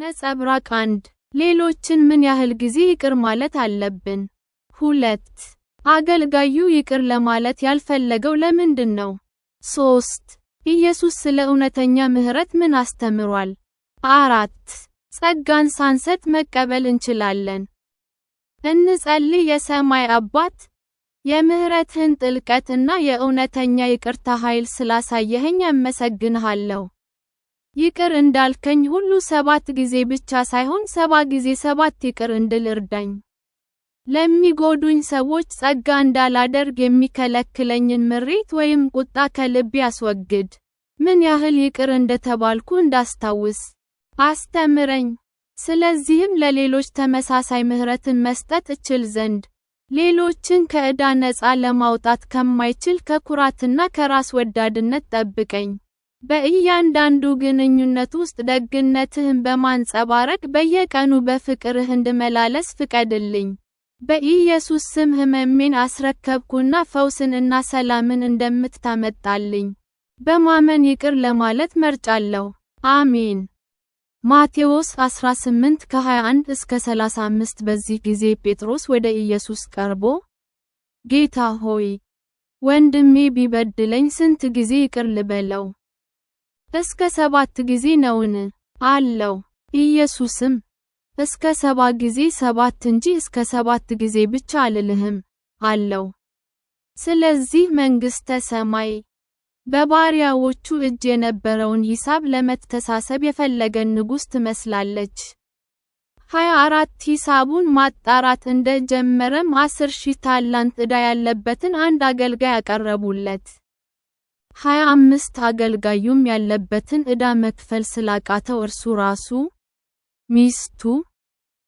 ነጸብራቅ አንድ ሌሎችን ምን ያህል ጊዜ ይቅር ማለት አለብን? ሁለት አገልጋዩ ይቅር ለማለት ያልፈለገው ለምንድን ነው? ሶስት ኢየሱስ ስለ እውነተኛ ምሕረት ምን አስተምሯል? አራት ጸጋን ሳንሰጥ መቀበል እንችላለን። እንጸልይ። የሰማይ አባት፣ የምህረትን ጥልቀት እና የእውነተኛ ይቅርታ ኃይል ስላሳየኸኝ አመሰግንሃለሁ። ይቅር እንዳልከኝ ሁሉ ሰባት ጊዜ ብቻ ሳይሆን ሰባ ጊዜ ሰባት ይቅር እንድል እርዳኝ። ለሚጎዱኝ ሰዎች ጸጋ እንዳላደርግ የሚከለክለኝን ምሬት ወይም ቁጣ ከልቤ አስወግድ። ምን ያህል ይቅር እንደተባልኩ እንዳስታውስ አስተምረኝ። ስለዚህም ለሌሎች ተመሳሳይ ምህረትን መስጠት እችል ዘንድ፣ ሌሎችን ከዕዳ ነፃ ለማውጣት ከማይችል ከኩራትና ከራስ ወዳድነት ጠብቀኝ። በእያንዳንዱ ግንኙነት ውስጥ ደግነትህን በማንጸባረቅ በየቀኑ በፍቅርህ እንድመላለስ ፍቀድልኝ። በኢየሱስ ስም ሕመሜን አስረከብኩና ፈውስን እና ሰላምን እንደምታመጣልኝ በማመን ይቅር ለማለት መርጫለሁ። አሜን። ማቴዎስ 18 ከ21 እስከ 35 በዚህ ጊዜ ጴጥሮስ ወደ ኢየሱስ ቀርቦ፣ ጌታ ሆይ፣ ወንድሜ ቢበድለኝ ስንት ጊዜ ይቅር ልበለው? እስከ ሰባት ጊዜ ነውን? አለው። ኢየሱስም እስከ ሰባ ጊዜ ሰባት እንጂ እስከ ሰባት ጊዜ ብቻ አልልህም አለው። ስለዚህ መንግሥተ ሰማይ በባሪያዎቹ እጅ የነበረውን ሂሳብ ለመተሳሰብ የፈለገን ንጉሥ ትመስላለች። 24 ሂሳቡን ማጣራት እንደጀመረም አስር ሺህ ታላንት ዕዳ ያለበትን አንድ አገልጋይ አቀረቡለት። ሀያ አምስት አገልጋዩም ያለበትን ዕዳ መክፈል ስላቃተው እርሱ ራሱ፣ ሚስቱ፣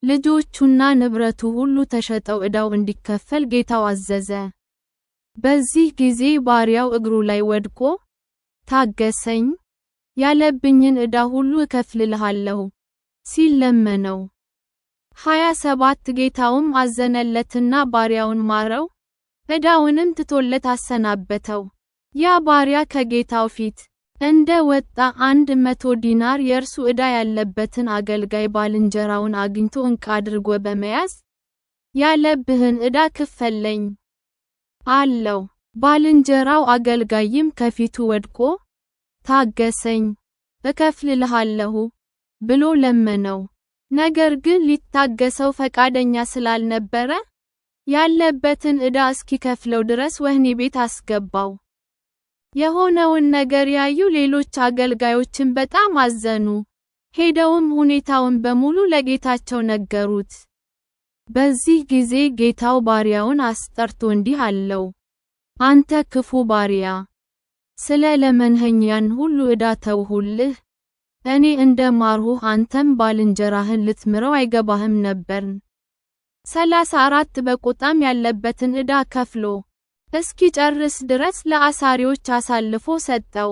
ልጆቹና ንብረቱ ሁሉ ተሸጠው ዕዳው እንዲከፈል ጌታው አዘዘ። በዚህ ጊዜ ባሪያው እግሩ ላይ ወድቆ፣ ታገሰኝ፣ ያለብኝን ዕዳ ሁሉ እከፍልልሃለሁ ሲል ለመነው። ሀያ ሰባት ጌታውም አዘነለትና ባሪያውን ማረው፣ ዕዳውንም ትቶለት አሰናበተው። ያ ባሪያ ከጌታው ፊት እንደ ወጣ አንድ መቶ ዲናር የእርሱ ዕዳ ያለበትን አገልጋይ ባልንጀራውን አግኝቶ እንቅ አድርጎ በመያዝ ያለብህን ዕዳ ክፈለኝ አለው። ባልንጀራው አገልጋይም ከፊቱ ወድቆ ታገሰኝ እከፍልልሃለሁ ብሎ ለመነው። ነገር ግን ሊታገሰው ፈቃደኛ ስላልነበረ ያለበትን ዕዳ እስኪከፍለው ድረስ ወህኒ ቤት አስገባው። የሆነውን ነገር ያዩ ሌሎች አገልጋዮችን በጣም አዘኑ። ሄደውም ሁኔታውን በሙሉ ለጌታቸው ነገሩት። በዚህ ጊዜ ጌታው ባሪያውን አስጠርቶ እንዲህ አለው፣ አንተ ክፉ ባሪያ፣ ስለ ለመንኸኝ ሁሉ ዕዳ ተውሁልህ። እኔ እንደ ማርሁህ አንተም ባልንጀራህን ልትምረው አይገባህም ነበርን። ሰላሳ አራት በቁጣም ያለበትን ዕዳ ከፍሎ እስኪጨርስ ድረስ ለአሳሪዎች አሳልፎ ሰጠው።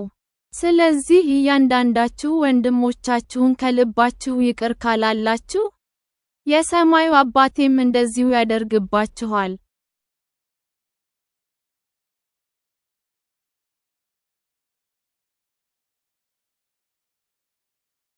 ስለዚህ እያንዳንዳችሁ ወንድሞቻችሁን ከልባችሁ ይቅር ካላላችሁ፣ የሰማዩ አባቴም እንደዚሁ ያደርግባችኋል።